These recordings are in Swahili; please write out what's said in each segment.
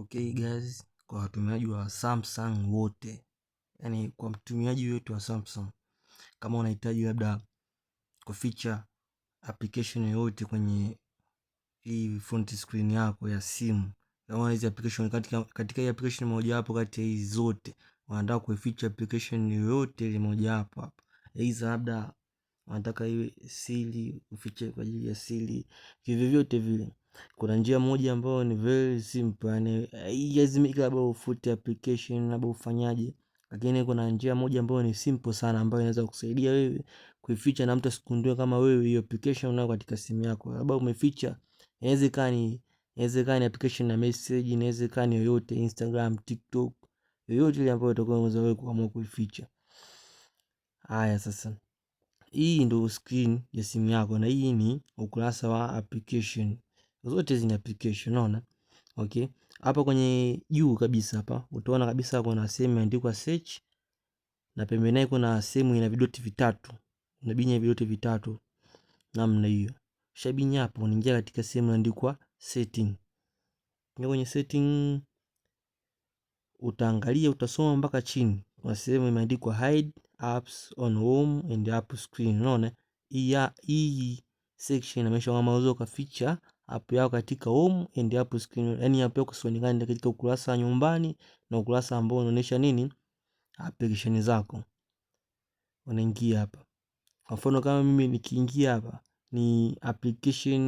Okay guys, kwa watumiaji wa Samsung wote, yani kwa mtumiaji wetu wa Samsung, kama unahitaji labda kuficha application yoyote kwenye hii front screen yako ya simu, kama hizi application katika, katika hii application moja hapo kati ya hizi zote unataka kuificha application yoyote ile moja hapo hapo, hizi labda unataka iwe siri, ufiche kwa ajili ya siri, vivyo vyote vile kuna njia moja ambayo ni very simple yaani hailazimiki labda ufute application labda ufanyaje. Lakini kuna njia moja ambayo ni simple sana ambayo inaweza kukusaidia wewe kuificha na mtu asikundue kama wewe hiyo application unayo katika simu yako. Labda umeficha inaweza ikawa ni inaweza ikawa ni application ya message, inaweza ikawa ni yoyote Instagram, TikTok, yoyote ile ambayo utakuwa unaweza wewe kuamua kuificha. Haya sasa. Hii ndio screen ya simu yako na hii ni ukurasa wa application zote zina application, unaona okay. Hapa kwenye juu kabisa hapa utaona kabisa kuna sehemu imeandikwa search na pembeni yake kuna sehemu ina vidoti vitatu, unabinya vidoti vitatu namna hiyo. Ushabinya hapo, unaingia katika sehemu imeandikwa setting. Ingia kwenye setting, utaangalia utasoma mpaka chini, kuna sehemu imeandikwa hide apps on home and app screen. Unaona hii section inaonyesha mauzo kwa feature app yao katika home and app screen, yani app yako sionekane katika ukurasa wa nyumbani na ukurasa ambao unaonyesha nini application zako. Unaingia hapa, kwa mfano kama mimi nikiingia hapa ni application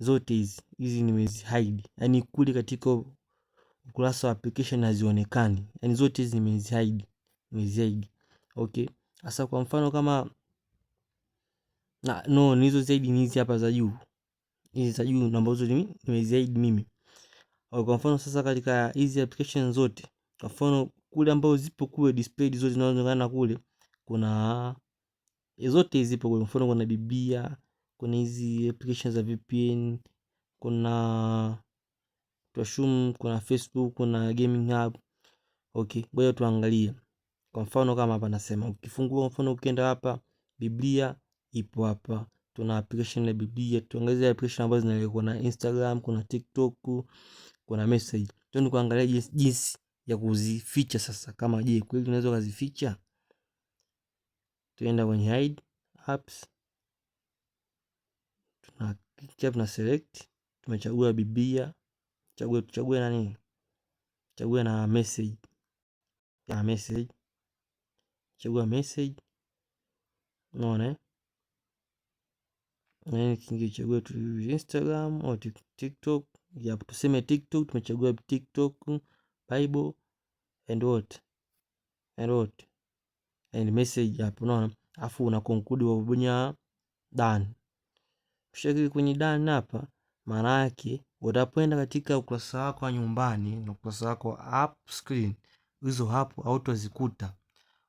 zote hizi hizi nimezi hide, yani kule katika ukurasa wa application hazionekani, yani zote hizi nimezi hide, nimezi hide. Okay, sasa kwa mfano kama na, no nizo zaidi ni hizi hapa za juu hizi za juu namba ambazo nimeziaid mimi. Kwa mfano sasa, katika hizi application zote, kwa mfano kule ambazo zipo kule displayed zote zinazoonekana kule, kuna zote zipo kule. Mfano kuna Biblia, kuna hizi application za VPN, kuna Twashumu, kuna Facebook, kuna gaming app. Okay, ngoja tuangalie. Kwa mfano kama hapa nasema, ukifungua mfano ukienda hapa Biblia ipo hapa tuna application ya biblia, tuongeze application ambazo zinaelekea, kuna Instagram, kuna TikTok, kuna message. Tuende kuangalia jinsi ya kuzificha sasa, kama je, kweli tunaweza kuzificha? Tuenda kwenye hide apps, tuna click na select, tumechagua biblia, chagua tuchague na nini, chague na message na message, chagua message, unaona eh? Eh, kingechagua tu Instagram au TikTok. Ya tuseme TikTok, tumechagua TikTok, Bible and what? And what? And message hapo unaona? Alafu una conclude kwa kubonya done. Ukishakliki kwenye done hapa, maana yake utapenda katika ukurasa wako wa nyumbani na ukurasa wako app screen, hizo hapo hautazikuta.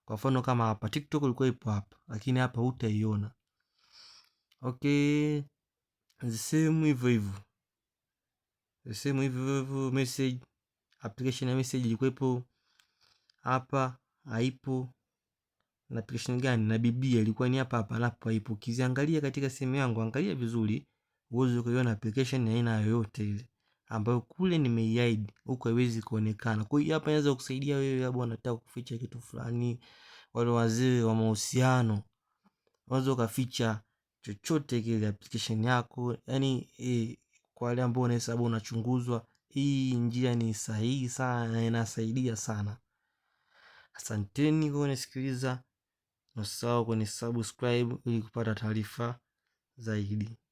Kwa mfano kama hapa TikTok ilikuwa ipo hapa, lakini hapa hutaiona. Okay, same hivyo hivyo, same hivyo hivyo. Message application ya message ilikuwepo hapa, haipo. Na application gani? Na Biblia ilikuwa ni hapa hapa, napo haipo. Kiziangalia katika simu yangu, angalia vizuri, uweze kuiona application ya aina yoyote ile ambayo kule nimeiaidi huko haiwezi kuonekana. Kwa hiyo hapa inaweza kusaidia wewe, labda unataka kuficha kitu fulani, wale wazee wa mahusiano unaweza ukaficha chochote kile application yako, yani e, eh, kwa wale ambao unahisi unachunguzwa, hii njia ni sahihi sana na inasaidia sana. Asanteni kwa kunisikiliza, usisahau kunisubscribe ili kupata taarifa zaidi.